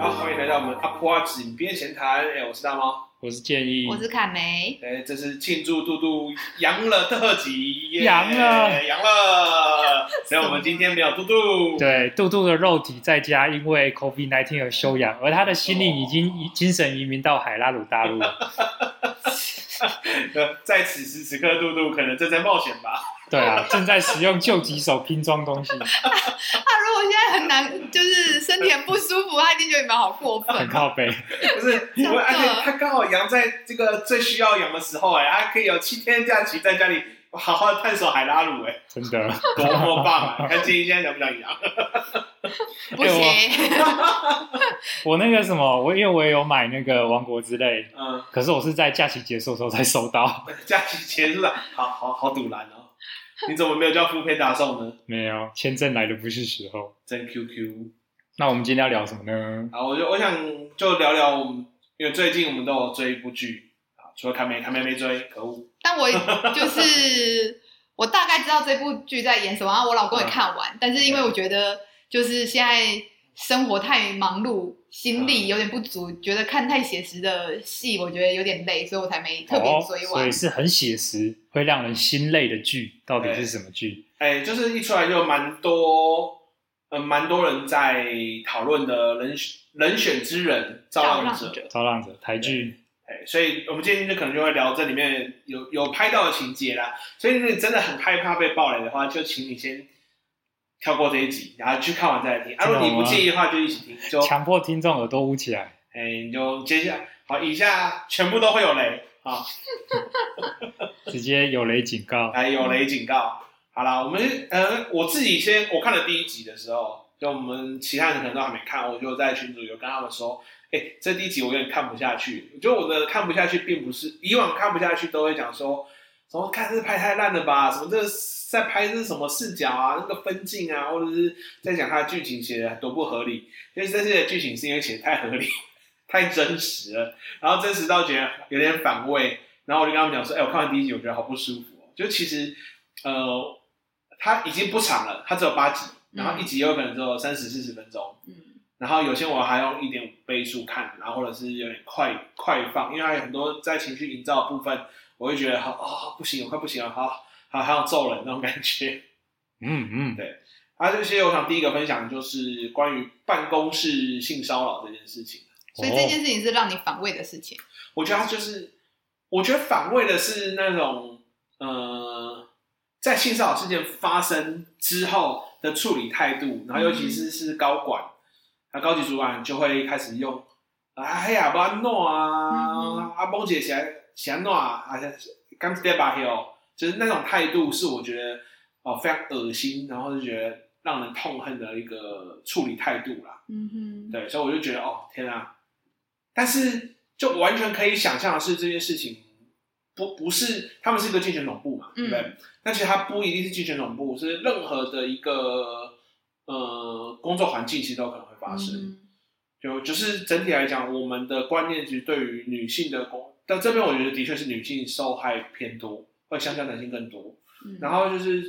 好、啊，歡迎來到我們阿普蛙井邊閒談。哎，我是大貓，我是建議，我是卡梅。哎，這是慶祝杜杜陽了特輯，陽了，陽了。那我們今天沒有杜杜，對，杜杜的肉體在家因為 COVID-19 而休養、嗯，而他的心靈已經、哦、精神移民到海拉魯大陸。 在此時此刻，杜杜可能正在冒險吧。對啊，正在使用究極手拼裝東西。他 、啊啊、如果現在很難，就是身體很不舒服，他一定覺得你們好過分、啊。很靠北，不是？而且、哎、他剛好陽在這個最需要陽的時候，哎、啊，他可以有七天假期在家裡好好探索海拉魯，哎，真的，多麼棒！看他怡現在想不想陽？ 不行。我, 我那個什麼，我因為我也有買那個王國之淚，嗯，可是我是在假期結束的時候才收到。假期結束，好好好，賭爛哦。 你怎麼沒有叫“富騙大壽呢？沒有、啊，簽證來的不是時候。真 Q Q。那我們今天要聊什麼呢？啊，我就我想就聊聊我們，因為最近我們都有追一部劇，除了看妹，看妹妹追、嗯，可惡。但我就是 我大概知道這部劇在演什麼，然後我老公也看完，嗯、但是因為我覺得就是現在。生活太忙碌，心力有點不足，嗯、覺得看太寫實的戲，我覺得有點累，所以我才沒特別追完。哦。所以是很寫實，會讓人心累的劇，到底是什麼劇？哎、欸，就是一出來就蠻多，呃、嗯，蠻多人在討論的人人選之人，造浪者，造浪者，造浪者台劇。哎，所以我們今天就可能就會聊這裡面有有拍到的情節啦。所以如果你真的很害怕被爆雷的話，就請你先。跳過這一集，然後去看完再來聽。啊，如果你不介意的話，就一起聽。就強迫聽眾耳朵捂起來。哎，你就接下來，好，以下全部都會有雷。好， 直接有雷警告。哎，有雷警告。嗯、好了，我們呃、嗯，我自己先，我看了第一集的時候，就我們其他人可能都還沒看，我就在群組有跟他們說，哎，這第一集我有點看不下去。就我的看不下去，並不是以往看不下去都會講說。什麼？看這拍太爛了吧？什麼？這在拍這什麼視角啊？那個分鏡啊，或者是在講它的劇情寫的多不合理？因為這些劇情是因為寫的太合理，太真實了，然後真實到覺得有點反胃。然後我就跟他們講說：“哎，我看完第一集，我覺得好不舒服哦，就其實，呃，它已經不長了，它只有八集，然後一集有可能只有三十四十分鐘。然後有些我還用一點五倍速看，然後或者是有點快快放，因為它有很多在情緒營造的部分。”我會覺得好、哦、不行，快不行了，好好好要揍人那種感覺。嗯嗯，對。啊，這些我想第一個分享就是關於辦公室性騷擾這件事情。所以這件事情是讓你反胃的事情？哦、我覺得它就是，我覺得反胃的是那種呃，在性騷擾事件發生之後的處理態度，然後尤其是、嗯、是高管和高級主管就會開始用，哎呀，不要弄啊，阿蒙姐起來。想當啊，剛起來吧，還有、哦、就是那種態度是我覺得哦非常噁心，然後就覺得讓人痛恨的一個處理態度啦。嗯哼，對，所以我就覺得哦天啊，但是就完全可以想象的是這件事情不不是他們是一個競選總部嘛，嗯、對不對？但其實它不一定是競選總部，是任何的一個呃工作環境其實都可能會發生。嗯、就就是整體來講，我們的觀念其實對於女性的工。但這邊我覺得的確是女性受害偏多，會相較男性更多。嗯、然後就是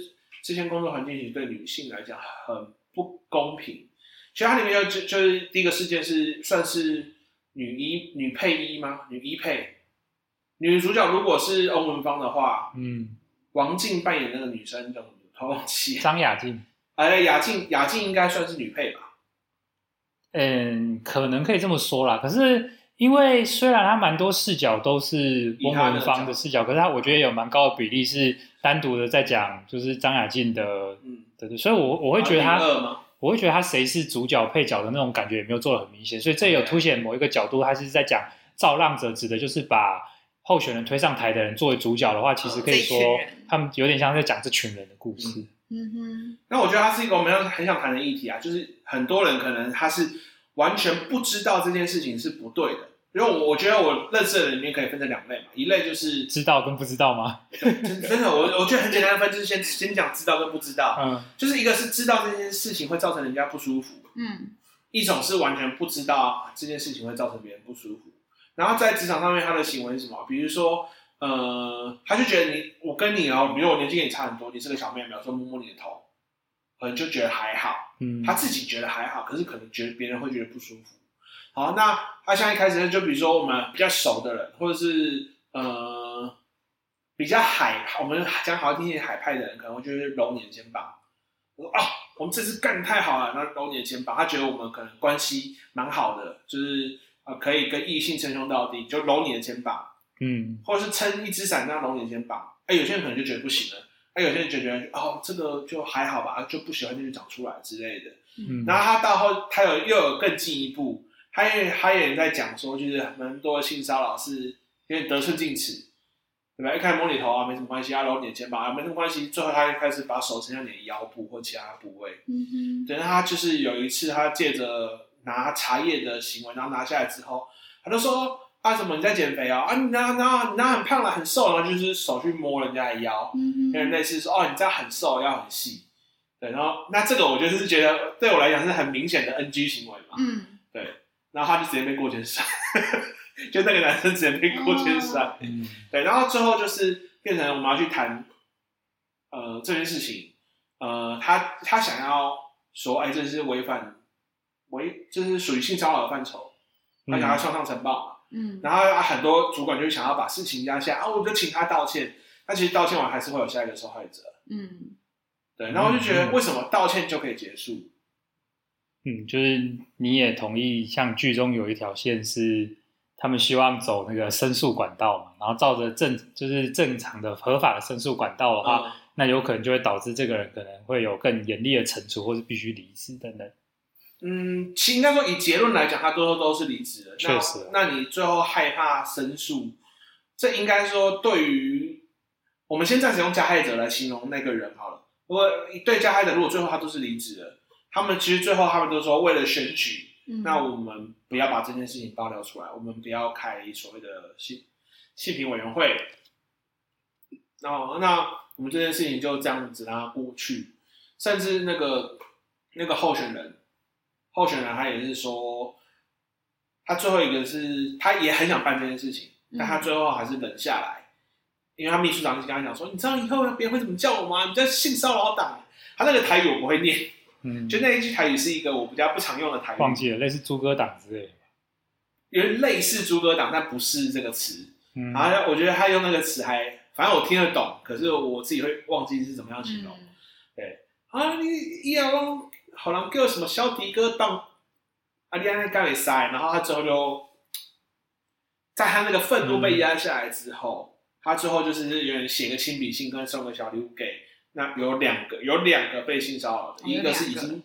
這些工作環境其實對女性來講很不公平。其實它裡面有就就是第一個事件是算是女一女配一嗎？女一配，女主角如果是翁文方的話，嗯，王淨扮演那個女生叫什麼？陶張亞靜？哎、欸，亞靜，亞靜應該算是女配吧？嗯，可能可以這麼說啦。可是。因為雖然他蠻多視角都是翁文方的視角，的角，可是他我覺得有蠻高的比例是單獨的在講，就是張亞靜的，嗯，對對，對，所以我，我我會覺得他，啊、我會覺得他誰是主角配角的那種感覺也沒有做得很明顯，所以這有凸顯某一個角度，他是在講造浪者指的就是把候選人推上台的人作為主角的話，其實可以說他們有點像在講這群人的故事嗯。嗯哼，那我覺得他是一個我們很想談的議題啊，就是很多人可能他是完全不知道這件事情是不對的。因為我我覺得我認識的人裡面可以分成兩類嘛，一類就是知道跟不知道嘛，真的， 我我覺得很簡單的分，就是先先講知道跟不知道，嗯，就是一個是知道這件事情會造成人家不舒服，嗯，一種是完全不知道這件事情會造成別人不舒服，然後在職場上面他的行為是什麼？比如說，呃，他就覺得你我跟你哦，比如我年紀也差很多，你是個小妹妹，比如說摸摸你的頭，可能就覺得還好，嗯，他自己覺得還好，可是可能覺得別人會覺得不舒服。好，那他現、啊、一開始，就比如說我們比較熟的人，或者是呃比較海，我們講好像聽一點，海派的人，可能會覺得是揉你的肩膀。我說啊、哦，我們這次幹太好了，然後摟你的肩膀，他覺得我們可能關係蠻好的，就是啊、呃，可以跟異性稱兄道弟，就揉你的肩膀，嗯，或者是撐一支傘那樣揉你的肩膀。哎、欸，有些人可能就覺得不行了，哎、欸，有些人就覺得哦，這個就還好吧，就不喜歡就講出來之類的。嗯，然後他到後，他有又有更進一步。他也有人在講說，就是很多性騷擾是因為得寸進尺，對吧？一開始摸你頭啊，沒什麼關係，啊摟你肩膀啊、啊，沒什麼關係。最後他開始把手伸向你的腰部或其他部位。嗯哼。等於他就是有一次，他借着拿茶葉的行為，然後拿下來之後，他就說啊什麼你在減肥、喔、啊啊你拿拿你拿很胖了很瘦，然後就是手去摸人家的腰，嗯哼。類似說哦你這樣很瘦，腰很細。對，然後那這個我就是覺得對我來講是很明顯的 NG 行為嘛。嗯。然後他就直接被過肩摔， 就那個男生直接被過肩摔。哦，對。嗯。然後最後就是變成我們要去談，呃，這件事情，呃，他他想要說，哎，這是違反，違，這是屬於性騷擾的範疇，他想要向上呈報嘛。嗯。然後很多主管就想要把事情壓下，啊，我就請他道歉。他其實道歉完還是會有下一個受害者。嗯。對。然後我就覺得，為什麼道歉就可以結束？嗯，就是你也同意，像劇中有一條線是他們希望走那個申訴管道嘛，然後照着正就是正常的合法的申訴管道的話，嗯，那有可能就會導致這個人可能會有更嚴厲的懲處，或是必須離職等等。嗯，其應該說以結論來講，他最後都是離職了。確實那。那你最後害怕申訴，這應該說對於我們先暫時用加害者來形容那個人好了。不過對加害者，如果最後他都是離職了。他們其實最後，他們都說為了選舉、嗯，那我們不要把這件事情爆料出來，我們不要開所謂的性性平委員會。然、哦、後，那我們這件事情就這樣子讓它過去。甚至那個那個候選人，候選人他也是說，他最後一個是他也很想辦這件事情，但他最後還是忍下來，嗯、因為他秘書長就跟他講說，你知道以後別人會怎麼叫我嗎？你這性騷擾黨，他那個台語我不會念。嗯，就那一句台語是一個我比較不常用的台語，忘記了，類似豬哥黨之類的，有類似豬哥黨，但不是這個詞。啊、嗯，然後我覺得他用那個詞還，反正我聽得懂，可是我自己會忘記是怎麼樣形容。嗯、對啊，你一郎好郎叫什麼小迪哥當，阿麗安娜剛被塞，然後他最後就在他那個憤怒被壓下來之後、嗯，他最後就是有人寫個親筆信跟送個小禮物給。那有兩個，有兩個被性騷擾的、哦，一個是已經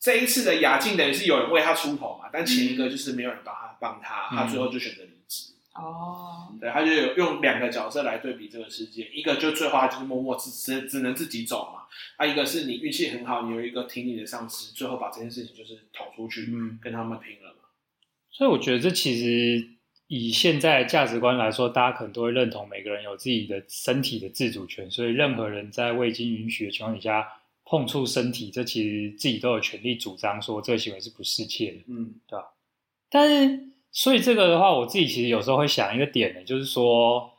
這一次的亞靜，等於是有人為他出頭嘛，但前一個就是沒有人幫他幫他、嗯，他最後就選擇離職。哦、嗯，對，他就有用兩個角色來對比這個世界，哦、一個就最後他就是默默只只能自己走嘛，啊，一個是你運氣很好，你有一個挺你的上司，最後把這件事情就是捅出去，嗯，跟他們拼了嘛、嗯。所以我覺得這其實。以現在價值觀來說，大家可能都會認同每個人有自己的身體的自主權，所以任何人在未經允許的情況下碰觸身體，這其實自己都有權利主張說這個行為是不適切的，嗯，對吧？但是，所以這個的話，我自己其實有時候會想一個點呢，就是說，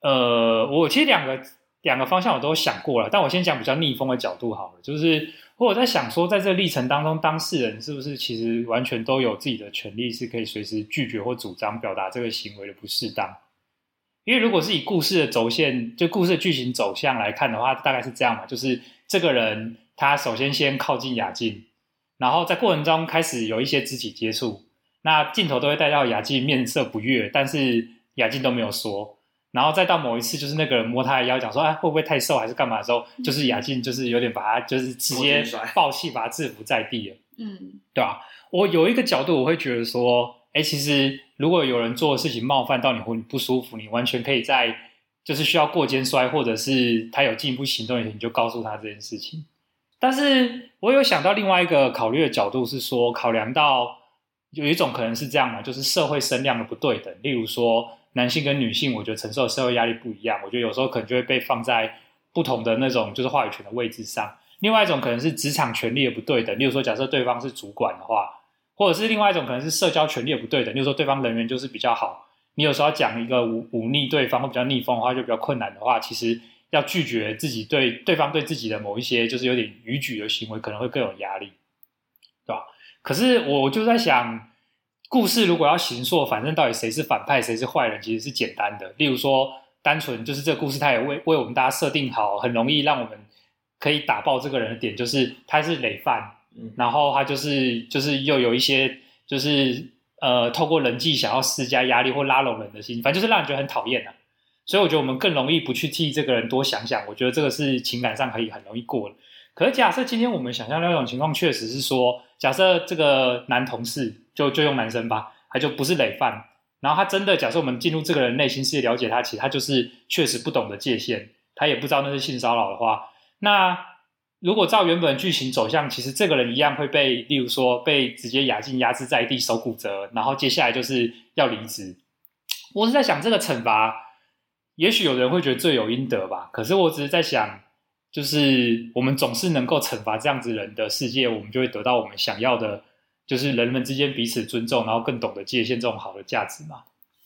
呃，我其實兩個兩個方向我都想過了，但我先講比較逆風的角度好了，就是。或我，我在想說，在這歷程當中，當事人是不是其實完全都有自己的權利，是可以隨時拒絕或主張表達這個行為的不適當？因為如果是以故事的軸線，就故事的劇情走向來看的話，大概是這樣嘛，就是這個人他首先先靠近亞靜，然後在過程中開始有一些肢體接觸，那鏡頭都會帶到亞靜面色不悅，但是亞靜都沒有說。然後再到某一次，就是那個人摸他的腰，講說：“哎，會不會太瘦，還是幹嘛？”的時候，嗯、就是亞靜，就是有點把他，就是直接抱氣把他制服在地了。嗯，對吧、啊？我有一個角度，我會覺得說：“哎，其實如果有人做的事情冒犯到你，你不舒服，你完全可以在就是需要過肩摔，或者是他有進一步行動以前，你就告訴他這件事情。”但是我有想到另外一個考慮的角度是說，考量到有一種可能是這樣嘛，就是社會聲量的不對等，例如說。男性跟女性，我覺得承受的社會壓力不一樣。我覺得有時候可能就會被放在不同的那種就是話語權的位置上。另外一種可能是職場權力也不對等，例如說假設對方是主管的話，或者是另外一種可能是社交權力也不對等，例如說對方人緣就是比較好。你有時候要講一個忤忤逆對方或比較逆風的話就比較困難的話，其實要拒絕自己對對方對自己的某一些就是有點逾矩的行為，可能會更有壓力，對吧？可是我就在想。故事如果要形塑，反正到底誰是反派，誰是壞人，其實是簡單的。例如說，單純就是這個故事，他也為為我們大家設定好，很容易讓我們可以打爆這個人的點，就是他是累犯、嗯，然後他就是就是又有一些就是呃，透過人際想要施加壓力或拉攏人的心，反正就是讓人覺得很討厭啊。所以我覺得我們更容易不去替這個人多想想。我覺得這個是情感上可以很容易過。可是假設今天我們想象那種情況，確實是說，假設這個男同事。就就用男生吧，他就不是累犯，然後他真的假設我們進入這個人內心世界，了解他，其實他就是確實不懂得界限，他也不知道那是性騷擾的話。那如果照原本劇情走向，其實這個人一樣會被，例如說被直接壓進、壓制在地，手骨折，然後接下來就是要離職。我是在想，這個懲罰，也許有人會覺得罪有應得吧，可是我只是在想，就是我們總是能夠懲罰這樣子人的世界，我們就會得到我們想要的。就是人們之間彼此尊重，然後更懂得界限這種好的價值嘛？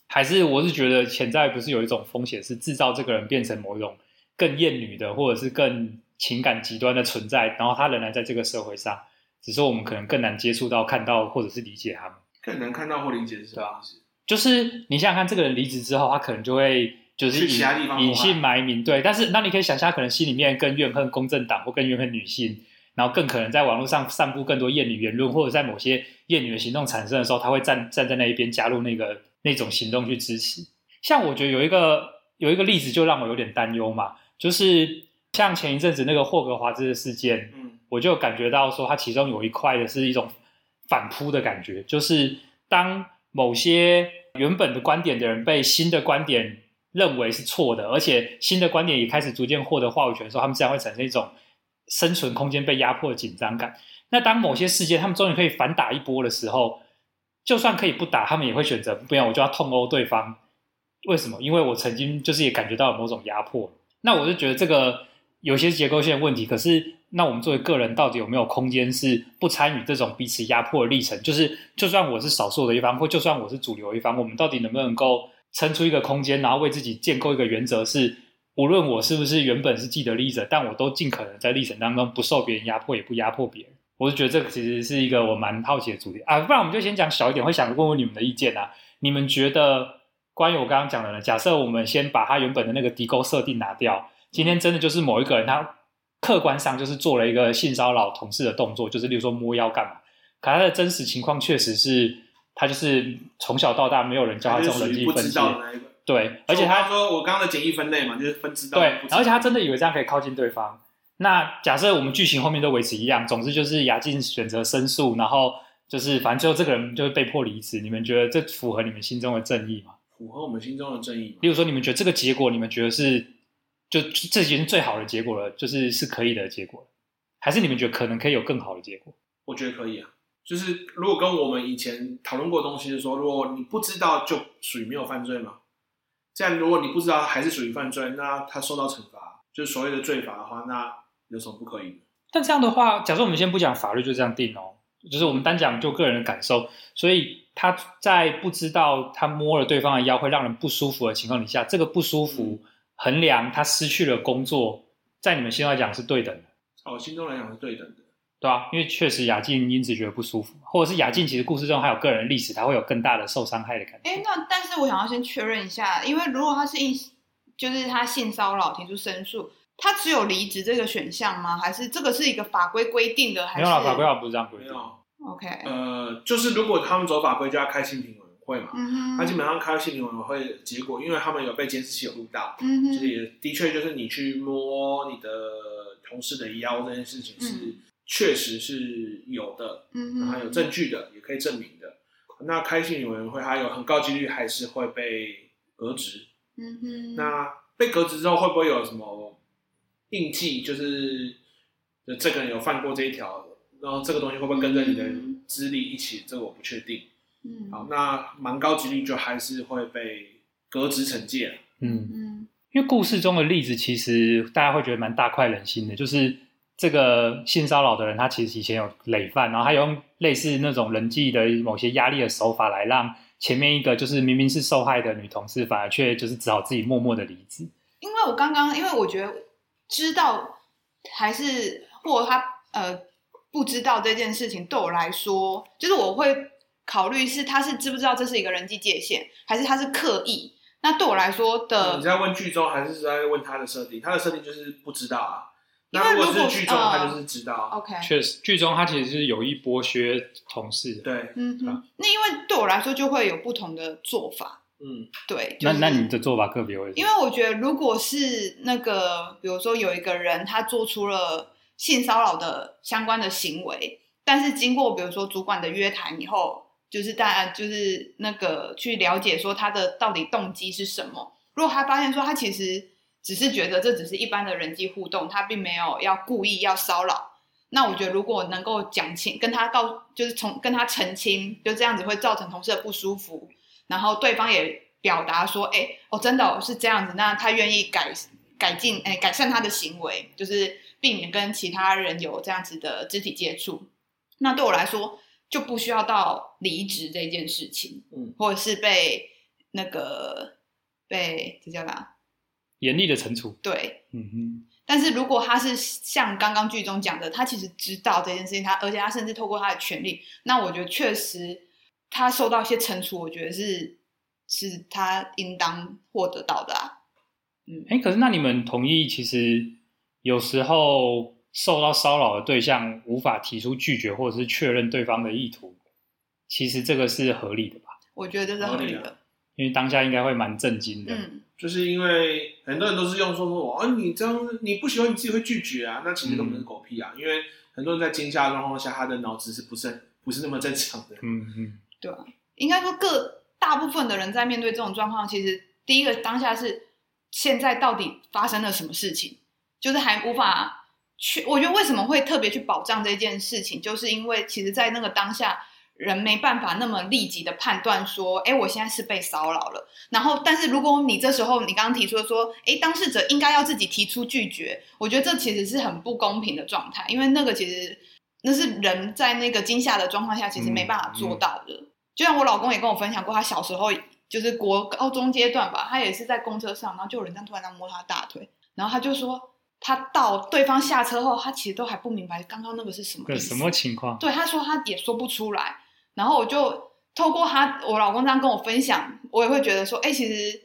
還是我是覺得潛在不是有一種風險，是制造這個人變成某一種更厭女的，或者是更情感極端的存在，然後他仍然在這個社會上，只是我們可能更難接觸到、看到，或者是理解他們。更難看到或理解是吧、啊？就是你想想看，這個人離職之後，他可能就會就是隱姓埋名。對，但是那你可以想象可能心裡面更怨恨公正黨，或更怨恨女性。然後更可能在網絡上散布更多厭女言論，或者在某些厭女的行動產生的時候，他會站、站在那一邊，加入那個那種行動去支持。像我覺得有一個有一個例子，就讓我有點擔憂嘛，就是像前一陣子那個霍格華茲的事件，嗯，我就感覺到說，它，其中有一塊的是一種反撲的感覺，就是當某些原本的觀點的人被新的觀點認為是錯的，而且新的觀點也開始逐漸獲得話語權的時候，他們自然會產生一種。生存空間被壓迫的緊張感。那當某些事件他們終於可以反打一波的時候，就算可以不打，他們也會選擇，不要，我就要痛毆對方。為什麼？因為我曾經就是也感覺到某種壓迫。那我就覺得這個有些結構性的問題。可是，那我們作為個人，到底有沒有空間是不參與這種彼此壓迫的歷程？就是，就算我是少數的一方，或就算我是主流一方，我們到底能不能夠撐出一個空間，然後為自己建構一個原則？是。無論我是不是原本是既得利益者，但我都盡可能在歷程當中不受別人壓迫，也不壓迫別人。我是覺得這個其實是一個我蠻好奇的主題啊。不然我們就先講小一點，會想問問你們的意見啊。你們覺得關於我剛剛講的呢？假設我們先把他原本的那個底溝設定拿掉，今天真的就是某一個人，他客觀上就是做了一個性騷擾同事的動作，就是例如說摸腰幹嘛。可他的真實情況確實是他就是從小到大沒有人教他這種人際分對，而且他，他說我剛剛的簡易分類嘛，就是分知道，對，而且他真的以為這樣可以靠近對方。那假設我們劇情後面都維持一樣，總之就是亞靜選擇申訴，然後就是反正最後這個人就會被迫離職。你們覺得這符合你們心中的正義嗎？符合我們心中的正義。例如說，你們覺得這個結果，你們覺得是就，就這已經最好的結果了，就是是可以的結果，還是你們覺得可能可以有更好的結果？我覺得可以啊，就是如果跟我們以前討論過的東西是說，如果你不知道就屬於沒有犯罪嘛。這樣，如果你不知道還是屬於犯罪，那他受到懲罰，就是所謂的罪罰的話，那有什麼不可以的？但這樣的話，假設我們先不講法律，就這樣定哦，就是我們單講就個人的感受。所以他在不知道他摸了對方的腰會讓人不舒服的情況底下，這個不舒服衡量他失去了工作，在你們心中來講是對等的。哦，心中來講是對等的。對啊，因為確實亞靜因此覺得不舒服，或者是亞靜其實故事中還有個人歷史，他會有更大的受傷害的感覺。哎、欸，那但是我想要先確認一下，因為如果他是因，就是他性騷擾提出申訴，他只有離職這個選項嗎？還是這個是一個法規規定的？還是沒有了法規好像不是這樣規定。沒有。OK。呃，就是如果他們走法規，就要開性平委員會嘛。嗯哼。他、啊、基本上開性平委員會，結果因為他們有被監視器錄到，嗯哼，就是也的確就是你去摸你的同事的腰這件事情是。嗯確實是有的，嗯哼，還有證據的，嗯，也可以證明的。那開信委員會，他有很高幾率還是會被革職，嗯哼。那被革職之後，會不會有什麼印記？就是這個人有犯過這一條，然後這個東西會不會跟着你的資歷一起？嗯、這個我不確定。嗯，好，那蠻高幾率就還是會被革職懲戒。嗯嗯，因為故事中的例子，其實大家會覺得蠻大快人心的，就是。這個性騷擾的人，他其實以前有累犯，然後他用類似那種人際的某些壓力的手法，來讓前面一個就是明明是受害的女同事，反而卻就是只好自己默默的離職。因為我剛剛，因為我覺得知道還是或者他呃不知道這件事情，對我來說，就是我會考慮是他是知不知道這是一個人際界限，還是他是刻意。那對我來說的，嗯，你在問劇中，還是在問他的設定？他的設定就是不知道啊。因為，我是因為如果是劇中，他就是知道。O K，確實，劇中他其實是有意剝削同事對，嗯嗯。那因為對我來說，就會有不同的做法。嗯，對。就是、那那你的做法個別會？因為我覺得，如果是那個，比如說有一個人，他做出了性騷擾的相關的行為，但是經過比如說主管的約談以後，就是大家就是那個去了解說他的到底動機是什麼。如果他發現說他其實。只是覺得這只是一般的人際互動，他並沒有要故意要騷擾。那我覺得如果能夠講清，跟他告，就是從跟他澄清，就這樣子會造成同事的不舒服，然後對方也表達說，哎，哦，真的，哦，是這樣子，那他願意改改進誒，改善他的行為，就是避免跟其他人有這樣子的肢體接觸。那對我來說就不需要到離職這件事情，或者是被那個被這叫啥？嚴厲的懲處。對，嗯哼。但是如果他是像剛剛劇中講的，他其實知道這件事情，他而且他甚至透過他的權力，那我覺得確實他受到一些懲處，我覺得是是他應當獲得到的啊。嗯，哎，可是那你們同意，其實有時候受到騷擾的對象無法提出拒絕或者是確認對方的意圖，其實這個是合理的吧？我覺得這是合理的。哦哎因為當下應該會蠻震驚的，嗯，就是因為很多人都是用說說哦，你這樣你不喜歡你自己會拒絕啊，那其實都是狗屁啊，因為很多人在驚嚇狀況下，他的腦子是不是不是那麼正常的，嗯嗯，對啊，應該說各大部分的人在面對這種狀況，其實第一個當下是現在到底發生了什麼事情，就是還無法去，我覺得為什麼會特別去保障這件事情，就是因為其實在那個當下。人沒辦法那麼立即的判斷說，哎、欸，我現在是被騷擾了。然後，但是如果你這時候你剛剛提出說，哎、欸，當事者應該要自己提出拒絕，我覺得這其實是很不公平的狀態，因為那個其實那是人在那個驚嚇的狀況下其實沒辦法做到的、嗯嗯。就像我老公也跟我分享過，他小時候就是國高中階段吧，他也是在公車上，然後就有人這樣突然這樣摸他大腿，然後他就說，他到對方下車後，他其實都還不明白剛剛那個是什麼是什麼情況。對，他說他也說不出來。然後我就透過他，我老公這樣跟我分享，我也會覺得說，哎、欸，其實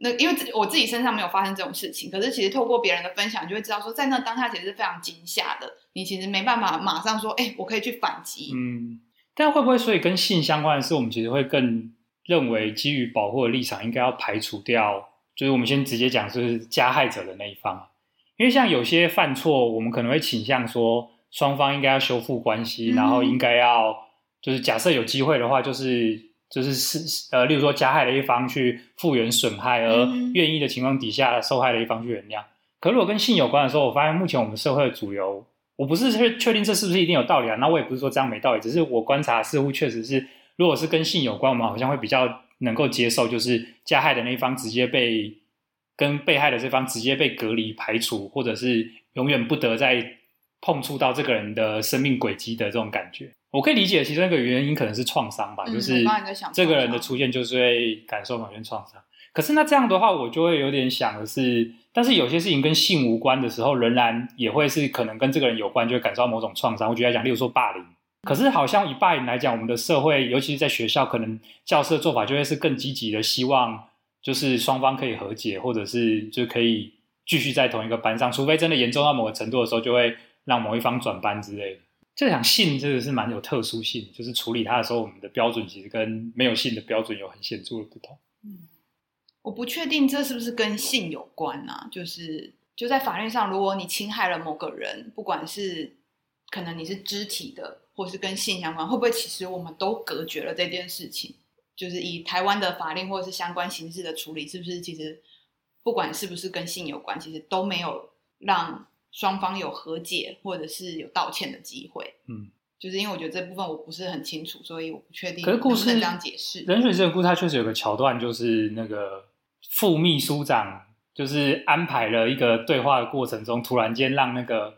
那因為我自己身上沒有發生這種事情，可是其實透過別人的分享，你就會知道說，在那當下其實是非常驚嚇的，你其實沒辦法馬上說，哎、欸，我可以去反擊。嗯，但會不會所以跟性相關的事，我們其實會更認為基於保護的立場，應該要排除掉，就是我們先直接講，是加害者的那一方，因為像有些犯錯，我們可能會傾向說，雙方應該要修復關係，嗯、然後應該要。就是假設有機會的話，就是，就是就是是呃，例如說加害的一方去復原損害，而願意的情況底下，受害的一方去原諒。可如果跟性有關的時候，我發現目前我們社會的主流，我不是確確定這是不是一定有道理啊？那我也不是說這樣沒道理，只是我觀察似乎確實是，如果是跟性有關，我們好像會比較能夠接受，就是加害的那一方直接被跟被害的這方直接被隔離排除，或者是永遠不得再碰觸到這個人的生命軌跡的這種感覺。我可以理解，其實那個原因可能是創傷吧、嗯，就是這個人的出現就是會感受某些創傷、嗯、這個、創傷。可是那這樣的話，我就會有點想的是，但是有些事情跟性無關的時候，仍然也會是可能跟這個人有關，就會感受到某種創傷。我覺得來講，例如說霸凌、嗯，可是好像以霸凌來講，我們的社會，尤其是在學校，可能教師的做法就會是更積極的，希望就是雙方可以和解，或者是就可以繼續在同一個班上，除非真的嚴重到某個程度的時候，就會讓某一方轉班之類的。這兩性真的是蠻有特殊性，就是處理它的時候，我們的標準其實跟沒有性的標準有很顯著的不同。嗯，我不確定這是不是跟性有關啊？就是就在法律上，如果你侵害了某個人，不管是可能你是肢體的，或是跟性相關，會不會其實我們都隔絕了這件事情？就是以台灣的法令或者是相關形式的處理，是不是其實不管是不是跟性有關，其實都沒有讓。雙方有和解，或者是有道歉的機會。嗯，就是因為我覺得這部分我不是很清楚，所以我不確定能不能。可是故事能不能這樣解釋，《人選之人》這個故事它確實有個橋段，就是那個副秘書長就是安排了一個對話的過程中，嗯、突然間讓那個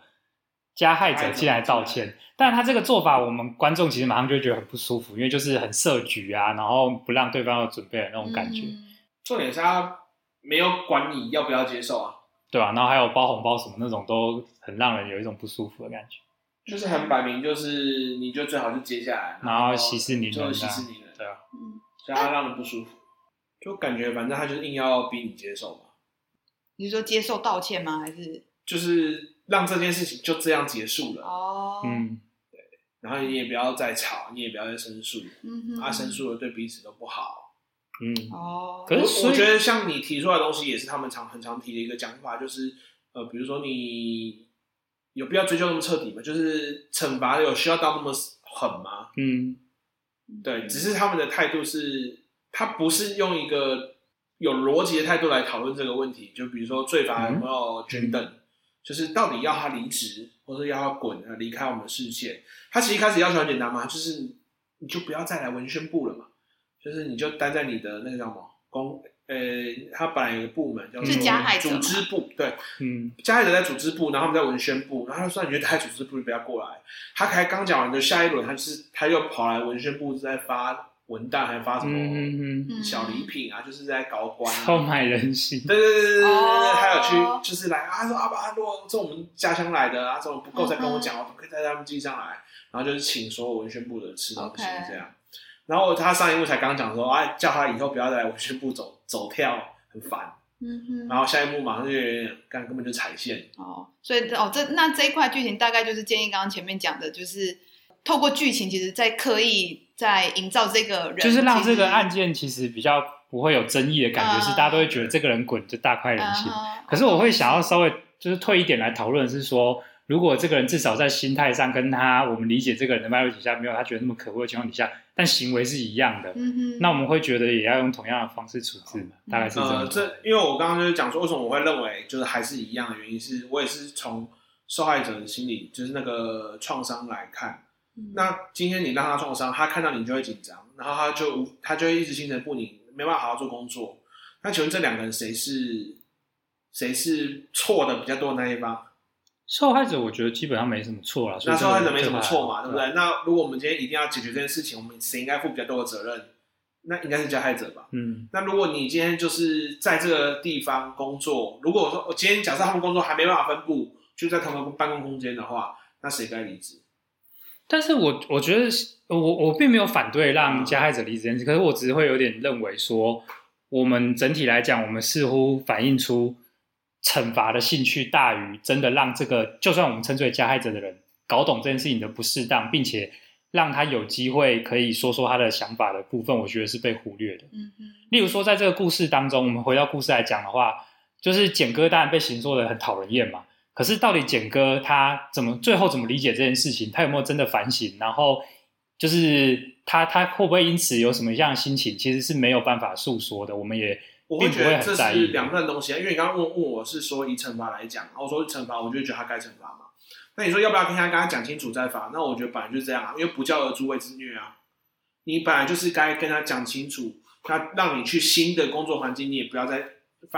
加害者進來道歉、嗯。但他這個做法，我們觀眾其實馬上就會覺得很不舒服，因為就是很設局啊，然後不讓對方有準備的那種感覺。嗯、重點是他沒有管你要不要接受啊。對吧、啊？然後還有包紅包什麼那種，都很讓人有一種不舒服的感覺，就是很擺明，就是你就最好是接下來，然後息事寧人、啊、你，就息事寧人你了，對啊，嗯，所以他讓人不舒服，就感覺反正他就硬要逼你接受嘛。你是說接受道歉嗎？還是就是讓這件事情就這樣結束了？哦，嗯，對，然後你也不要再吵，你也不要再申訴，他嗯嗯申訴了對彼此都不好。嗯哦，我我覺得像你提出來的東西，也是他們常很常提的一個講法，就是呃，比如說你有必要追究那麼徹底嗎？就是懲罰有需要到那麼狠嗎？嗯，對，只是他們的態度是，他不是用一個有邏輯的態度來討論這個問題，就比如說罪罰有沒有平等、嗯，就是到底要他離職、嗯，或者要他滾離開我們的視線。他其實一開始要求很簡單嘛，就是你就不要再來文宣部了嘛。就是你就待在你的那個叫什麼公，呃、欸，他本來有個部門叫做組織部織，對，嗯，加害者在組織部，然後他們在文宣部，然後他說，你就待在組織部就不要過來。他才剛講完就下一輪他，就是他又跑來文宣部在發文檔還發什麼嗯、啊、嗯。小禮品啊，就是在搞官收買人心，對對對對對對對，哦、他有去就是來啊說阿巴阿果從我們家鄉來的啊，這種不夠，okay. 再跟我講，我可以在他們寄上來，然後就是請所有文宣部的人吃東西，okay. 這樣。然後他上一幕才剛剛講說，哎、啊，叫他以後，不要再來我宣步走走跳，很煩。嗯，然後下一幕馬上就遠遠遠遠遠剛剛根本就踩線。哦，所以哦，這那這一塊劇情大概就是建議剛剛前面講的，就是透過劇情，其實在刻意在營造這個人，就是讓這個案件其實比較不會有爭議的感覺，嗯、是大家都會覺得這個人滾就大快人心、嗯嗯。可是我會想要稍微就是退一點來討論，是說。如果這個人至少在心態上跟他我們理解這個人的脈絡底下，沒有他覺得那麼可惡的情況底下，嗯，但行為是一樣的，嗯，那我們會覺得也要用同樣的方式處置，嗯，大概是這樣，嗯呃。這因為我剛剛就是講說，為什麼我會認為就是還是一樣的原因是，是我也是從受害者的心理，就是那個創傷來看，嗯。那今天你讓他創傷，他看到你就會緊張，然後他就他就一直心神不寧，沒辦法好好做工作。那請問這兩個人誰是誰是錯的比較多的那一方？受害者我覺得基本上沒什麼錯了，那、嗯、受害者沒什麼錯嘛，對不對？那如果我們今天一定要解決這件事情，我們誰應該負比較多的責任？那應該是加害者吧。嗯，那如果你今天就是在這個地方工作，如果我說我今天假設他們工作還沒辦法分布，就在他們的辦公空間的話，那誰該離職？但是我我覺得我我並沒有反對讓加害者離職、嗯、可是我只是會有點認為說，我們整體來講，我們似乎反映出。懲罰的興趣大於真的讓這個，就算我們稱之為加害者的人搞懂這件事情的不適當，並且讓他有機會可以說說他的想法的部分，我覺得是被忽略的。嗯、例如說，在這個故事當中，我們回到故事來講的話，就是簡哥當然被形塑得很討人厭嘛，可是到底簡哥他怎麼最後怎麼理解這件事情，他有沒有真的反省，然後就是他他會不會因此有什麼樣的心情，其實是沒有辦法訴說的。我們也。我會覺得這是兩段東西、啊，因為你剛剛問問我是說以懲罰來講，然後說懲罰，我就覺得他該懲罰嘛。那你說要不要跟他跟他講清楚再罰？那我覺得本來就是這樣啊，因為不教而誅謂之虐啊。你本來就是該跟他講清楚，他讓你去新的工作環境，你也不要再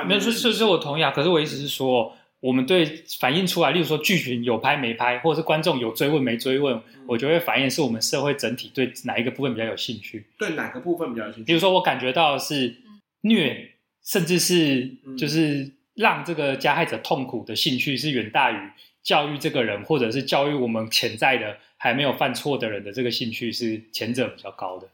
沒有說，是、就是，就是、我同意啊。可是我意思是說、嗯，我們對反映出來，例如說劇情有拍沒拍，或者是觀眾有追問沒追問，嗯、我覺得反映的是我們社會整體對哪一個部分比較有興趣，對哪個部分比較有興趣。比如說，我感覺到的是虐。嗯甚至是就是讓這個加害者痛苦的興趣是遠大於教育這個人，或者是教育我們潛在的還沒有犯錯的人的這個興趣，是前者比較高的。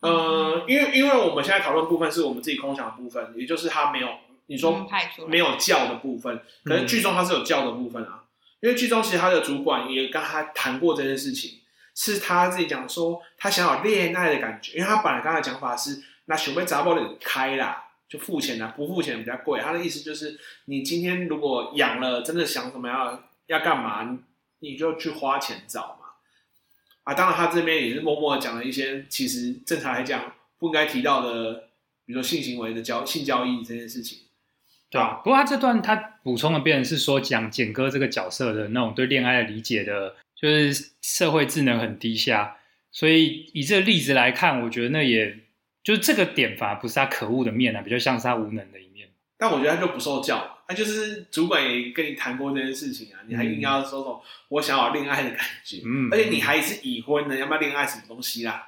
嗯、呃，因為因為我們現在討論部分是我們自己空想的部分，也就是他沒有你說沒有教的部分，嗯、可是劇中他是有教的部分啊。嗯、因為劇中其實他的主管也跟他談過這件事情，是他自己講說他想要戀愛的感覺，因為他本來剛才講法是拿熊被砸爆的開啦！」就付錢的、啊，不付錢比較貴。他的意思就是，你今天如果養了，真的想怎麼樣，要幹嘛，你就去花錢找嘛。啊，當然他這邊也是默默的講了一些，其實正常來講不應該提到的，比如說性行為的交、性交易這件事情，對吧、啊？不過他這段他補充的變是說，講簡哥這個角色的那種對戀愛的理解的，就是社會智能很低下，所以以這個例子來看，我覺得那也。就是這個點法不是他可惡的面啊，比較像是他無能的一面。但我覺得他就不受教，他就是主管也跟你談過那件事情啊，嗯、你還硬要說說我想要戀愛的感覺，嗯，而且你還是已婚的，要不要戀愛什麼東西啦、啊？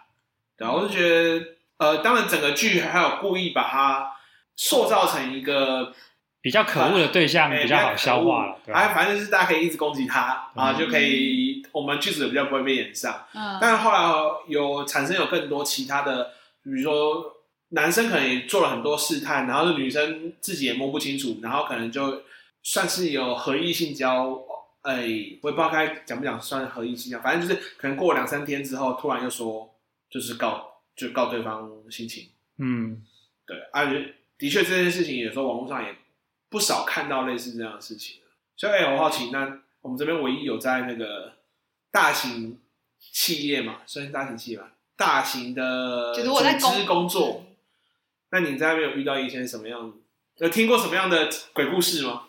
然、嗯、後我就覺得，呃，當然整個劇還有故意把他塑造成一個比較可惡的對象，比較好消化了，哎、欸啊，反正就是大家可以一直攻擊他、嗯、啊，就可以我們劇組也比較不會被炎上。嗯，但是後來有產生有更多其他的。比如說，男生可能也做了很多試探，然後是女生自己也摸不清楚，然後可能就算是有合意性交，哎，我也不知道該講不講算合意性交，反正就是可能過了兩三天之後，突然又說就是告就告對方性侵，嗯，對，啊，就是、的確這件事情也有說網絡上也不少看到類似這樣的事情，所以哎，我好奇，那我們這邊唯一有在那個大型企業嘛，算是大型企業嘛。大型的公司工作，就是我在工，那你在那邊有遇到一些什麼樣？有聽過什麼樣的鬼故事嗎？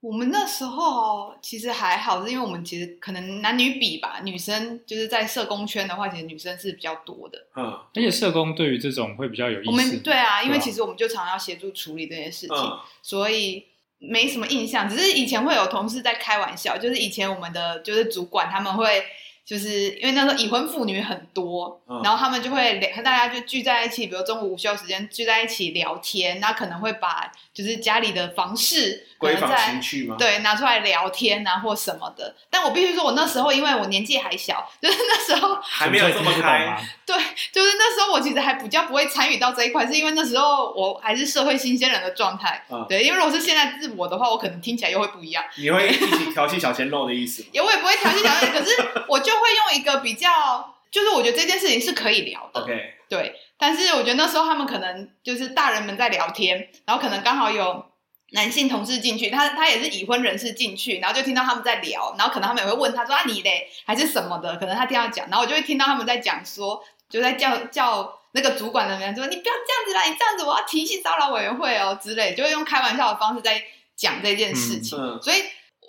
我們那時候其實還好，是因為我們其實可能男女比吧，女生就是在社工圈的話，其實女生是比較多的。嗯，而且社工對於這種會比較有意思。我對啊，因為其實我們就常常要協助處理這件事情，嗯，所以沒什麼印象。只是以前會有同事在開玩笑，就是以前我們的就是主管他們會。就是因為那時候已婚婦女很多，嗯，然後他們就會和大家就聚在一起，比如中午午休時間聚在一起聊天，那可能會把就是家裡的房事、閨房情趣嗎？對，拿出來聊天啊或什麼的。但我必須說，我那時候因為我年紀還小，就是那時候還沒有這麼開。 對，就是那時候我其實還比較不會參與到這一塊，是因為那時候我還是社會新鮮人的狀態。嗯、對，因為如果是現在自我的話，我可能聽起來又會不一樣。嗯、你會一起調戲小鮮肉的意思？ 也我也不會調戲小鮮肉，可是我就。 就會用一個比較，就是我覺得這件事情是可以聊的。Okay. 對。但是我覺得那時候他們可能就是大人們在聊天，然後可能剛好有男性同事進去，他他也是已婚人士進去，然後就聽到他們在聊，然後可能他們也會問他說啊你嘞還是什麼的，可能他聽到講，然後我就會聽到他們在講說，就在叫叫那個主管的人說你不要這樣子啦，你這樣子我要提性騷擾委員會哦之類，就會用開玩笑的方式在講這件事情，嗯嗯、所以。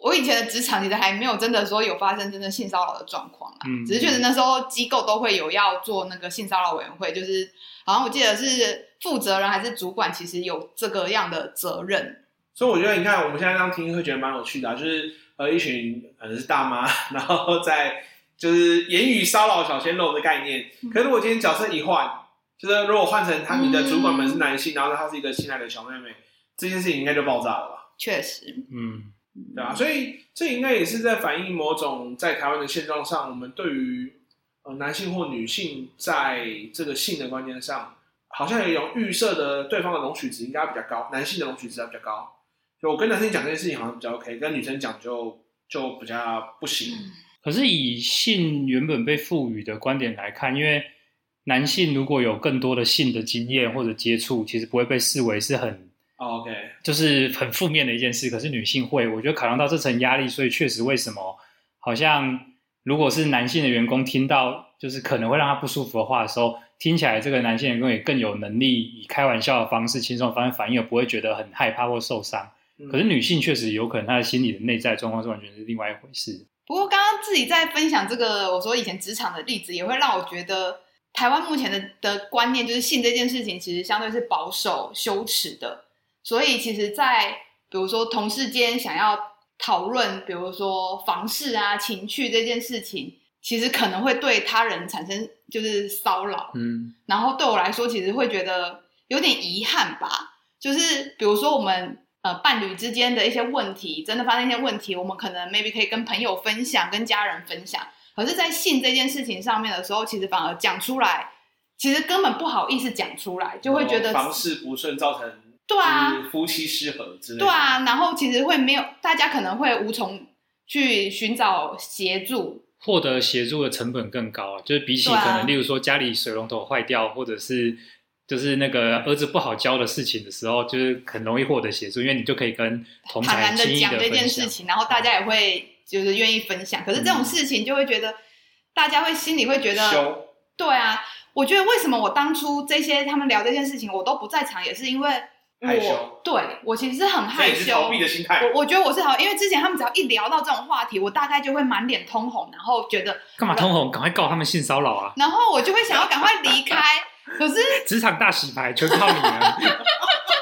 我以前的職場其實還沒有真的說有發生真的性騷擾的狀況啊、嗯。只是覺得那時候機構都會有要做那個性騷擾委員會，就是，好像我記得是負責人還是主管，其實有這個樣的責任。所以我覺得你看我們現在這樣聽會覺得蠻有趣的、啊，就是呃一群可能、嗯、是大媽，然後在就是言語騷擾小鮮肉的概念。可是如果今天角色一換，就是如果換成他們的主管們是男性、嗯，然後他是一個新來的小妹妹，這件事情應該就爆炸了吧？確實，嗯。對啊，所以這應該也是在反映某種在台灣的現狀上，我們對於呃男性或女性在這個性的觀念上，好像也有預設的對方的容許值，應該比較高，男性的容許值要比較高。就我跟男生講這件事情好像比較 OK，跟女生講就就比較不行。可是以性原本被賦予的觀點來看，因為男性如果有更多的性的經驗或者接觸，其實不會被視為是很。Oh, OK，就是很負面的一件事。可是女性會，我覺得考量到這層壓力，所以確實為什麼好像如果是男性的員工聽到就是可能會讓他不舒服的話的時候，聽起來這個男性員工也更有能力以開玩笑的方式、輕鬆方式反應，也不會覺得很害怕或受傷、嗯。可是女性確實有可能她的心理的內在狀況是完全是另外一回事。不過剛剛自己在分享這個，我說以前職場的例子，也會讓我覺得台灣目前的的觀念就是性這件事情，其實相對是保守、羞恥的。所以其實，在比如說同事間想要討論，比如說房事啊、情趣這件事情，其實可能會對他人產生就是騷擾。嗯，然後對我來說，其實會覺得有點遺憾吧。就是比如說我們呃伴侶之間的一些問題，真的發生一些問題，我們可能 maybe 可以跟朋友分享，跟家人分享。可是，在性這件事情上面的時候，其實反而講出來，其實根本不好意思講出來，就會覺得，哦，房事不順造成。對啊，夫妻失和之類。對啊，然後其實會沒有，大家可能會無從去尋找協助，獲得協助的成本更高。就是比起可能，例如說家裡水龍頭壞掉，啊，或者是就是那個兒子不好教的事情的時候，就是很容易獲得協助，因為你就可以跟坦然的講這件事情，然後大家也會就是願意分享。可是這種事情就會覺得，嗯，大家會心裡會覺得羞。對啊，我覺得為什麼我當初這些他們聊這件事情，我都不在場，也是因為。我對我其實很害羞，逃避的心態。我我覺得我是好，因為之前他們只要一聊到這種話題，我大概就會滿臉通紅，然後覺得幹嘛通紅？趕快告他們性騷擾啊！然後我就會想要趕快離開。 可是職場大洗牌全靠你們，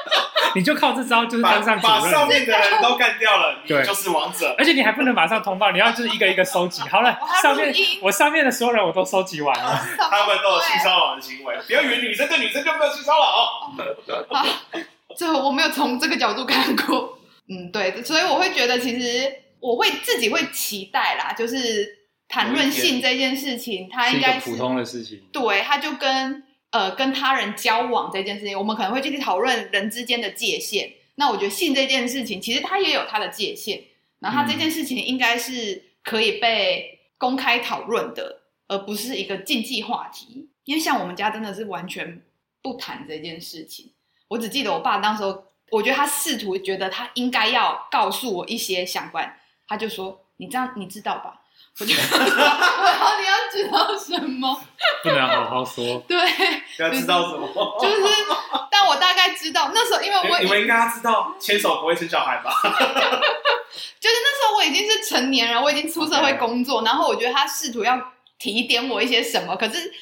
你就靠這招就是當上主任。把，把上面的人都幹掉了，你就是王者。 而且你還不能馬上通報， 你要就是一個一個收集。好了， 上面我上面的所有人我都收集完了， 他們都有性騷擾的行為。不要以為女生，對女生就沒有性騷擾哦。Oh, 好這我沒有從這個角度看過，嗯，對，所以我會覺得，其實我會自己會期待啦，就是談論性這件事情，它應該是是普通的事情，對，他就跟呃跟他人交往這件事情，我們可能會繼續討論人之間的界限。那我覺得性這件事情，其實它也有它的界限，然後它這件事情應該是可以被公開討論的，而不是一個禁忌話題。因為像我們家真的是完全不談這件事情。我只記得我爸當時候，我覺得他試圖覺得他應該要告訴我一些相關，他就說：“你這樣你知道吧？”我就，到底你要知道什麼？不能好好說。 對，你要知道什麼？就是， 就是、但我大概知道那時候，因為我你們應該知道牽手不會生小孩吧？ 就是那時候我已經是成年人，我已經出社會工作，Okay. 然後我覺得他試圖要提點我一些什麼，可是。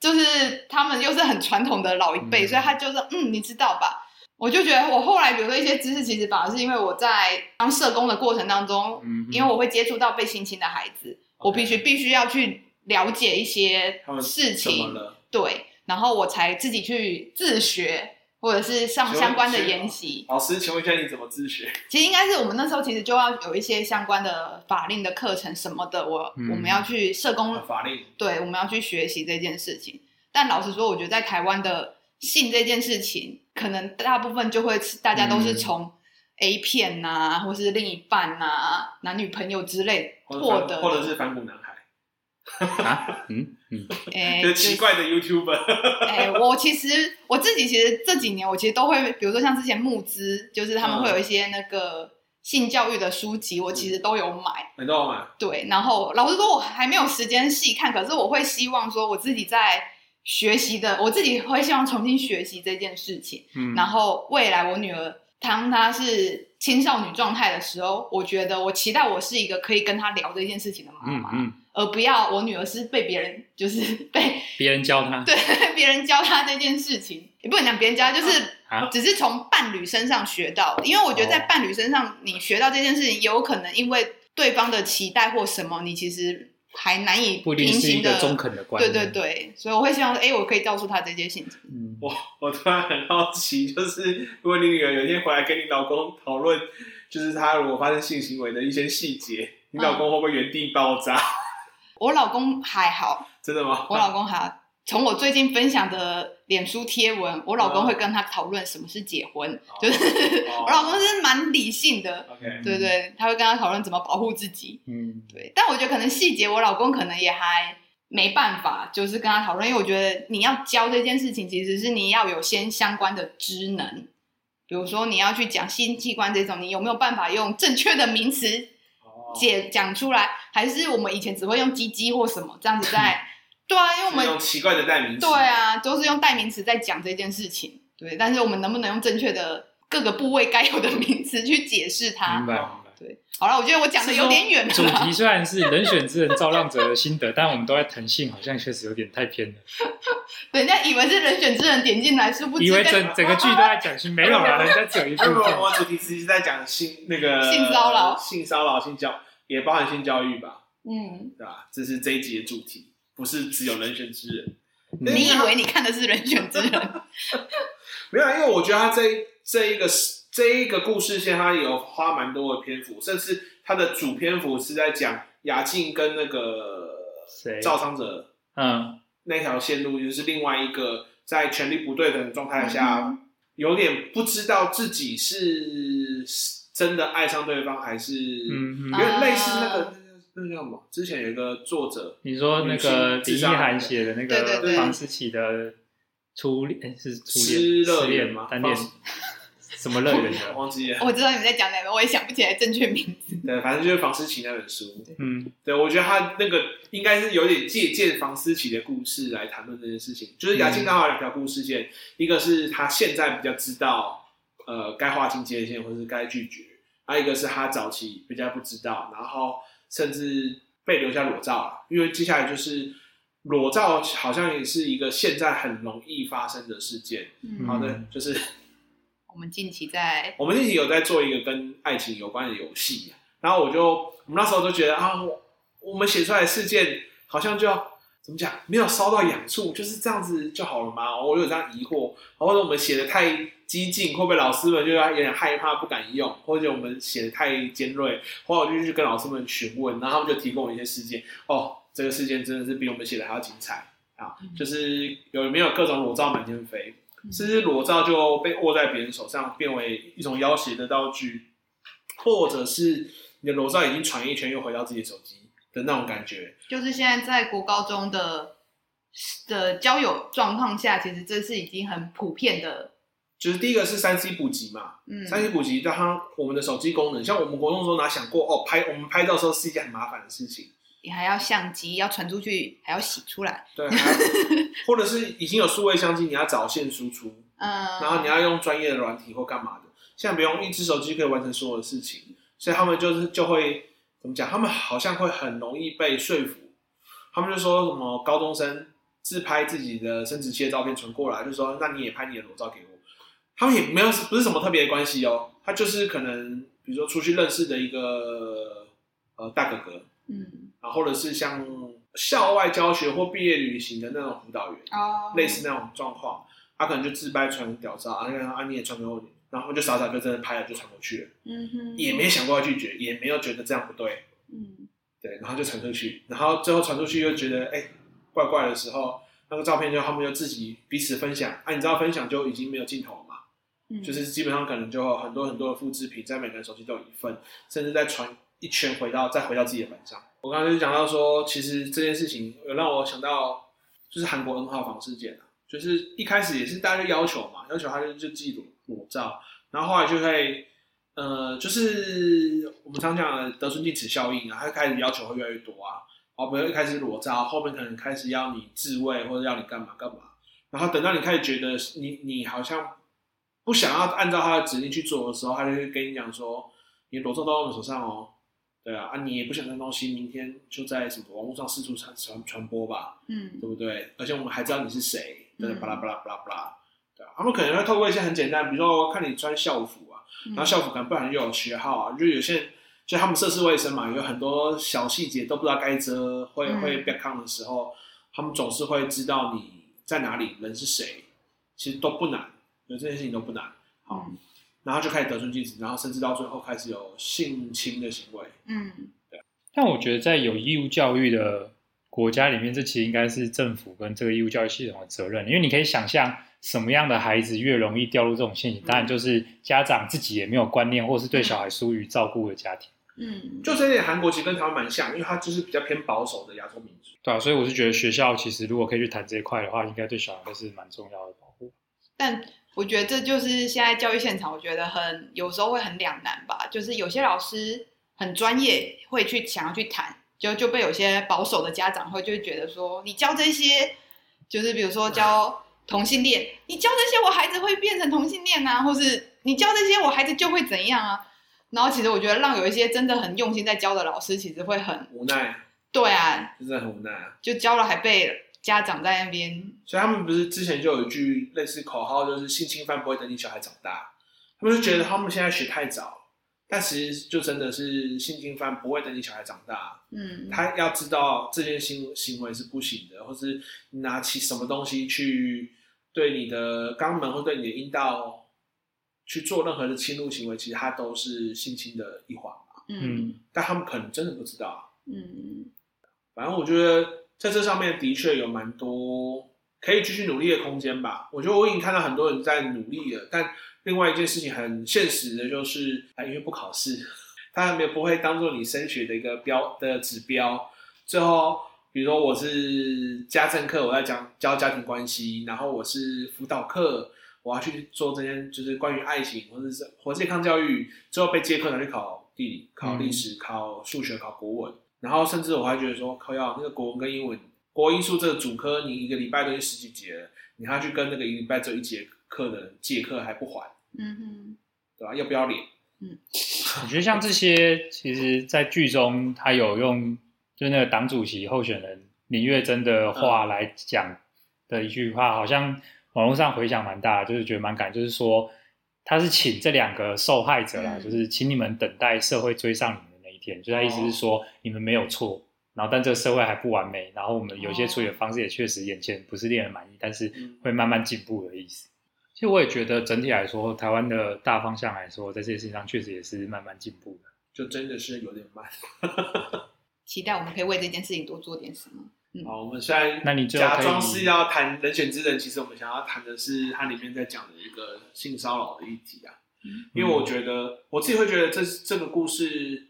就是他們又是很傳統的老一輩，嗯、所以他就說，嗯，你知道吧？我就覺得我後來比如說一些知識，其實反而是因為我在當社工的過程當中，嗯、因為我會接觸到被性侵的孩子，嗯、我必須、Okay. 必須要去了解一些事情，對，然後我才自己去自學。或者是上相、相關的研習。老師，請問一下，你怎麼自學？其實應該是我們那時候其實就要有一些相關的法令的課程什麼的，我、嗯、我們要去社工、啊、法令。對，我們要去學習這件事情。但老實說，我覺得在台灣的性這件事情，可能大部分就會大家都是從 A 片吶、啊，或是另一半吶、啊，男女朋友之類獲得或，或者是反骨男孩。啊，嗯嗯，哎、欸，奇怪的 YouTuber。哎、欸，我其實我自己其實這幾年我其實都會，比如說像之前募資，就是他們會有一些那個性教育的書籍，我其實都有買，很多買。對，然後老實說，我還沒有時間細看，可是我會希望說我自己在學習的，我自己會希望重新學習這件事情。嗯，然後未來我女兒當她是青少女狀態的時候，我覺得我期待我是一個可以跟她聊這件事情的媽媽。嗯。嗯而不要我女兒是被別人，就是被別人教她，對，別人教她這件事情，也不能講別人教，就是只是從伴侶身上學到、啊。因為我覺得在伴侶身上，哦、你學到這件事情，有可能因為對方的期待或什麼，你其實還難以平衡的是一個中肯的觀點，對對對，所以我會希望說，哎、欸，我可以告訴她這件事情。嗯、我我突然很好奇，就是如果你女兒有一天回來跟你老公討論，就是她如果發生性行為的一些細節、嗯，你老公會不會原地爆炸？我老公還好。真的嗎？我老公還好，從我最近分享的臉書貼文， 我老公會跟他討論什麼是結婚，就，oh. 是、oh. oh. 我老公是蠻理性的，okay. mm -hmm. 對對，他會跟他討論怎麼保護自己，嗯、mm -hmm.，對。但我覺得可能細節，我老公可能也還沒辦法，就是跟他討論，因為我覺得你要教這件事情，其實是你要有先相關的知能，比如說你要去講性器官這種，你有沒有辦法用正確的名詞？解講出來，還是我們以前只會用“雞雞”或什麼這樣子在？ 對啊，因為我們有奇怪的代名詞，對啊，都是用代名詞在講這件事情。對，但是我們能不能用正確的各個部位該有的名詞去解釋它？明白。對，好了，我覺得我講的有點遠、就是、主題雖然是“人選之人”造浪者的心得， 但我們都在騰訊，好像確實有點太偏了。 人家以為是“人選之人點”點進來是不知？以為整整個劇都在講性？ 沒有了啦， 人家整一部。 我主題實在講性，那個性騷擾、性騷擾、嗯、性教也包含性教育吧？嗯，對吧？這是這一集的主題，不是只有“人選之人”嗯。你以為你看的是“人選之人”？ 沒有，因為我覺得他這這一個是。這一個故事線，它有花蠻多的篇幅，甚至它的主篇幅是在講雅靜跟那個趙昌澤誰。嗯，那條線路就是另外一個在權力不對等狀態下，有點不知道自己是真的愛上對方還是嗯，嗯，因、嗯、為、嗯、類似、啊、那個那個叫什麼？之前有一個作者，你說那個林奕含寫的那個房思琪的初戀是初戀，失樂園嗎？單戀。什麼樂園的？忘記了。我知道你們在講哪個，我也想不起來正確名字。 對，反正就是房思琪那本書。嗯，對，我覺得他那個應該是有點借鑑房思琪的故事來談論這件事情。就是亞靜剛好兩條故事線，嗯、一個是他現在比較知道，呃，該劃清界限或者是該拒絕，還、啊、有一個是他早期比較不知道，然後甚至被留下裸照。因為接下來就是裸照，好像也是一個現在很容易發生的事件。好、嗯、的，就是。我們近期在，我們近期有在做一個跟愛情有關的遊戲，然後我就，我們那時候都覺得啊，我我們寫出來的事件好像就要怎麼講，沒有燒到癢處，就是這樣子就好了嗎？我有這樣疑惑，或者我們寫的太激進，會不會老師們就有點害怕不敢用？或者我們寫的太尖銳，後來我就去跟老師們詢問，然後他們就提供一些事件，哦，這個事件真的是比我們寫的還要精彩啊，就是有沒有各種裸照滿天飛。甚是裸照，就被握在別人手上，變為一種要挾的道具，或者是你的裸照已經傳一圈，又回到自己的手機的那種感覺。就是現在在國高中的的交友狀況下，其實這是已經很普遍的。就是第一個是三 C 普及嘛，嗯，三 C 普及它，讓它我們的手機功能，像我們國中的時候哪想過哦，拍我們拍照時候是一件很麻煩的事情。你還要相機，要傳出去，還要洗出來。對，還要 或者是已經有數位相機，你要找線輸出，嗯、呃，然後你要用專業的軟體或幹嘛的。現在不用，一只手機可以完成所有的事情，所以他們就是就會怎麼講？他們好像會很容易被說服。他們就說什麼高中生自拍自己的生殖器的照片傳過來，就說那你也拍你的裸照給我。他們也沒有不是什麼特別的關係哦，他就是可能比如說出去認識的一個呃大哥哥，嗯。然後或者是像校外教學或畢業旅行的那種輔導員，oh, okay. 類似那種狀況，他、啊、可能就自拍傳屌照啊，那個阿妮也傳給我點，然後就傻傻就真的拍了就傳過去了，嗯哼，也沒想過要拒絕，也沒有覺得這樣不對，嗯、mm -hmm.，對，然後就傳出去，然後最後傳出去又覺得哎、欸、怪怪的時候，那個照片就他們就自己彼此分享，啊，你知道分享就已經沒有盡頭了嘛，嗯、mm -hmm.，就是基本上可能就很多很多的複制品在每個人手機都有一份，甚至再傳一圈回到再回到自己的本上。我剛才就講到說，其實這件事情有讓我想到就是韓國 N 號房事件啊，就是一開始也是大家要求嘛，要求他就就自己裸照，然後後來就會呃，就是我們常講的得寸進尺效應啊，他開始要求會越來越多啊，哦，不要一開始裸照，後面可能開始要你自慰或者要你幹嘛幹嘛，然後等到你開始覺得你你好像不想要按照他的指令去做的時候，他就會跟你講說，你裸照到我們手上哦。對啊，啊，你也不想扔東西，明天就在什麼網路上四處傳傳傳播吧，嗯，對不對？而且我們還知道你是誰，巴拉、嗯、巴拉巴拉巴拉，對啊，他們可能會透過一些很簡單，比如說看你穿校服啊，嗯、然後校服可能不然又有學號啊，就有些就他們設施衛生嘛，有很多小細節都不知道該遮，會、嗯、會被抗的時候，他們總是會知道你在哪裡，人是誰，其實都不難，有這些事情都不難，好、嗯。然後就開始得寸進尺，然後甚至到最後開始有性侵的行為。嗯，對，但我覺得在有義務教育的國家裡面，這其實應該是政府跟這個義務教育系統的責任，因為你可以想象什麼樣的孩子越容易掉入這種陷阱？嗯，當然就是家長自己也沒有觀念，或者是對小孩疏於照顧的家庭。嗯，就這一點，韓國其實跟台灣蠻像，因為它就是比較偏保守的亞洲民族。對啊，所以我是覺得學校其實如果可以去談這一塊的話，應該對小孩都是蠻重要的保護。但我覺得這就是現在教育現場，我覺得很有時候會很兩難吧。就是有些老師很專業，會去想要去談，就就被有些保守的家長會就會覺得說，你教這些，就是比如說教同性戀，你教這些我孩子會變成同性戀啊，或是你教這些我孩子就會怎樣啊。然後其實我覺得讓有一些真的很用心在教的老師，其實會很無奈。對啊，嗯、真的很無奈啊，就教了還被。嗯家長在那邊，所以他們不是之前就有一句類似口號，就是性侵犯不會等你小孩長大，他們就覺得他們現在學太早，但其實就真的是性侵犯不會等你小孩長大，嗯，他要知道這件行行為是不行的，或是拿起什麼東西去對你的肛門或對你的陰道去做任何的侵入行為，其實他都是性侵的一環，嗯，但他們可能真的不知道，嗯，反正我覺得。在這上面的確有蠻多可以繼續努力的空間吧。我覺得我已經看到很多人在努力了，但另外一件事情很現實的就是，他因為不考試，他也不會當做你升學的一個標的指標。最後，比如說我是家政課，我要講教家庭關係，然後我是輔導課，我要去做這些就是關於愛情或者是性健康教育。最後被借課，拿去考地理、考歷史、嗯、考數學、考國文。然後甚至我還覺得說，靠，要那個國文跟英文國英數這個主科，你一個禮拜都有十幾節了，你還去跟那個一禮拜只有一節課的借課還不還？嗯哼，對吧？要不要臉？嗯，我 覺得像這些，其實在劇中他有用，就那個黨主席候選人林月真的話來講的一句話，嗯、好像網絡上回響蠻大，就是覺得蠻感，就是說他是請這兩個受害者來、嗯，就是請你們等待社會追上你們。就他意思是說，你們沒有錯，oh. 然後但這個社會還不完美，然後我們有些處理的方式也確實眼前不是令人滿意，oh. 但是會慢慢進步的意思、嗯。其實我也覺得整體來說，台灣的大方向來說，在這件事情上確實也是慢慢進步的。就真的是有點慢， 期待我們可以為這件事情多做點什麼。嗯、好，我們現在，那你就假裝是要談《人選之人》，其實我們想要談的是它裡面在講的一個性騷擾的議題啊、嗯。因為我覺得我自己會覺得這這個故事。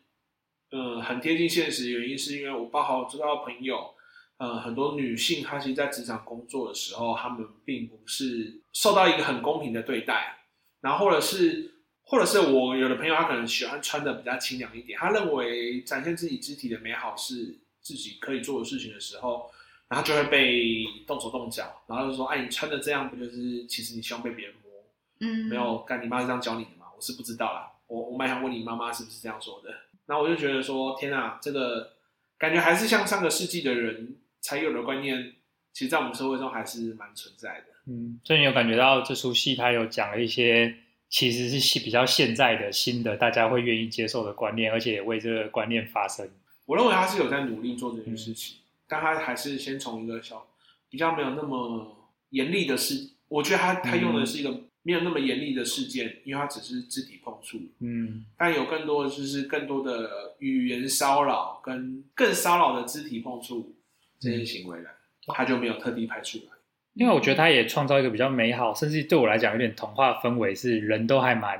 呃、嗯，很貼近現實，原因是因為我包含我知道的朋友，呃、嗯，很多女性她其實，在職場工作的時候，她們並不是受到一個很公平的對待，然後或者是，或者是我有的朋友，她可能喜歡穿的比較清涼一點，她認為展現自己肢體的美好是自己可以做的事情的時候，然後就會被動手動腳，然後就說：“哎、啊，你穿的這樣，不就是其實你希望被別人摸？”嗯，沒有，幹你媽是這樣教你的嗎？我是不知道啦，我我蠻想問你媽媽是不是這樣說的。那我就覺得說，天啊，這個感覺還是像上個世紀的人才有的觀念，其實，在我們社會中還是蠻存在的。嗯，所以你有感覺到這出戲，它有講了一些其實是比較現在的、新的，大家會願意接受的觀念，而且也為這個觀念發聲。我認為他是有在努力做這件事情、嗯，但他還是先從一個小、比較沒有那麼嚴厲的事。我覺得他他用的是一個。嗯沒有那麼嚴厲的事件，因為它只是肢體碰觸，嗯，但有更多就是更多的語言騷擾跟更騷擾的肢體碰觸這些行為的、嗯，他就沒有特地拍出來。因為我覺得他也創造一個比較美好，甚至對我來講有點童話氛圍，是人都還蠻，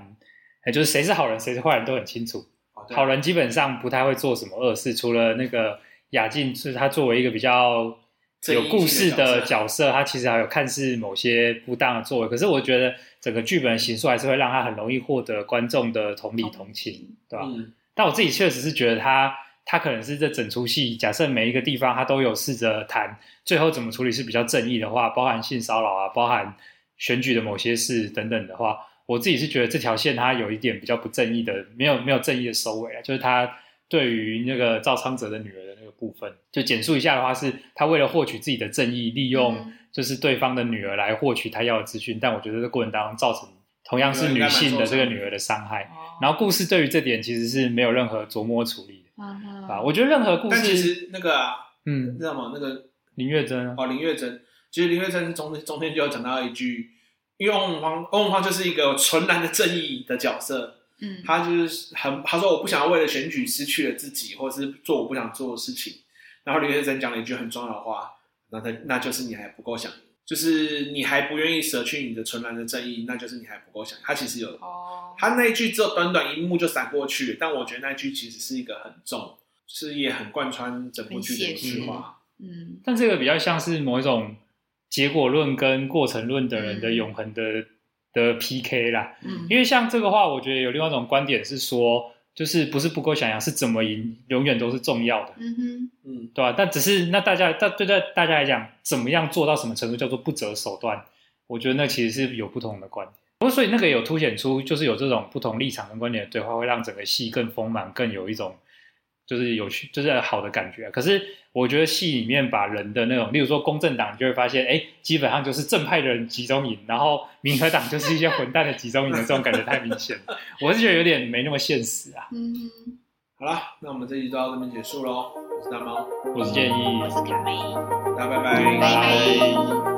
就是誰是好人誰是壞人都很清楚、哦，好人基本上不太會做什麼惡事，除了那個雅靜，是他作為一個比較。有、這個、故事的角色，他其實還有看似某些不當的作為，可是我覺得整個劇本的形式還是會讓他很容易獲得觀眾的同理同情，對吧？嗯、但我自己確實是覺得他，他可能是這整出戲，假設每一個地方他都有試着談，最後怎麼處理是比較正義的話，包含性騷擾啊，包含選舉的某些事等等的話，我自己是覺得這條線他有一點比較不正義的，沒有沒有正義的收尾啊，就是他對於那個趙昌澤的女兒。部分就簡述一下的話，是他為了獲取自己的正義，利用就是對方的女兒來獲取他要的資訊、嗯，但我覺得這過程當中造成同樣是女性的這個女兒的傷害的。然後故事對於這點其實是沒有任何琢磨處理的、哦、啊。我覺得任何故事，但其實那個啊，嗯，知道嗎？那個林月真、啊，哦，林月真，其實林月真是中中間就有講到一句，因為翁文方，翁文方就是一個純男的正義的角色。嗯，他就是很，他說我不想要為了選舉失去了自己，嗯、或者是做我不想做的事情。嗯、然後留學生講了一句很重要的話，那他那就是你還不夠想，就是你還不願意捨去你的純然的正義，那就是你還不夠想。他其實有、哦，他那一句只有短短一幕就閃過去，但我覺得那一句其實是一個很重，就是也很貫穿整部劇的一句話嗯。嗯，但這個比較像是某一種結果論跟過程論的人的永恆的、嗯。的 PK 啦，嗯，因為像這個話，我覺得有另外一種觀點是說，就是不是不夠想要，是怎麼贏永遠都是重要的，嗯哼，嗯，對吧？但只是那大家，但對待大家來講，怎麼樣做到什麼程度叫做不擇手段？我覺得那其實是有不同的觀點。不過，所以那個有凸顯出，就是有這種不同立場跟觀點的對話，會讓整個戲更豐滿，更有一種。就是有趣，就是好的感覺。可是我覺得戲裡面把人的那種，例如說公正黨，你就會發現，哎、欸，基本上就是正派的人集中營，然後民和黨就是一些混蛋的集中營的這種感覺太明顯了。 我是覺得有點沒那麼現實啊。嗯，好了，那我們這集就到這邊結束嘍。我是大貓，我是建議，我是卡梅，大 家樂拜拜，拜拜。拜拜。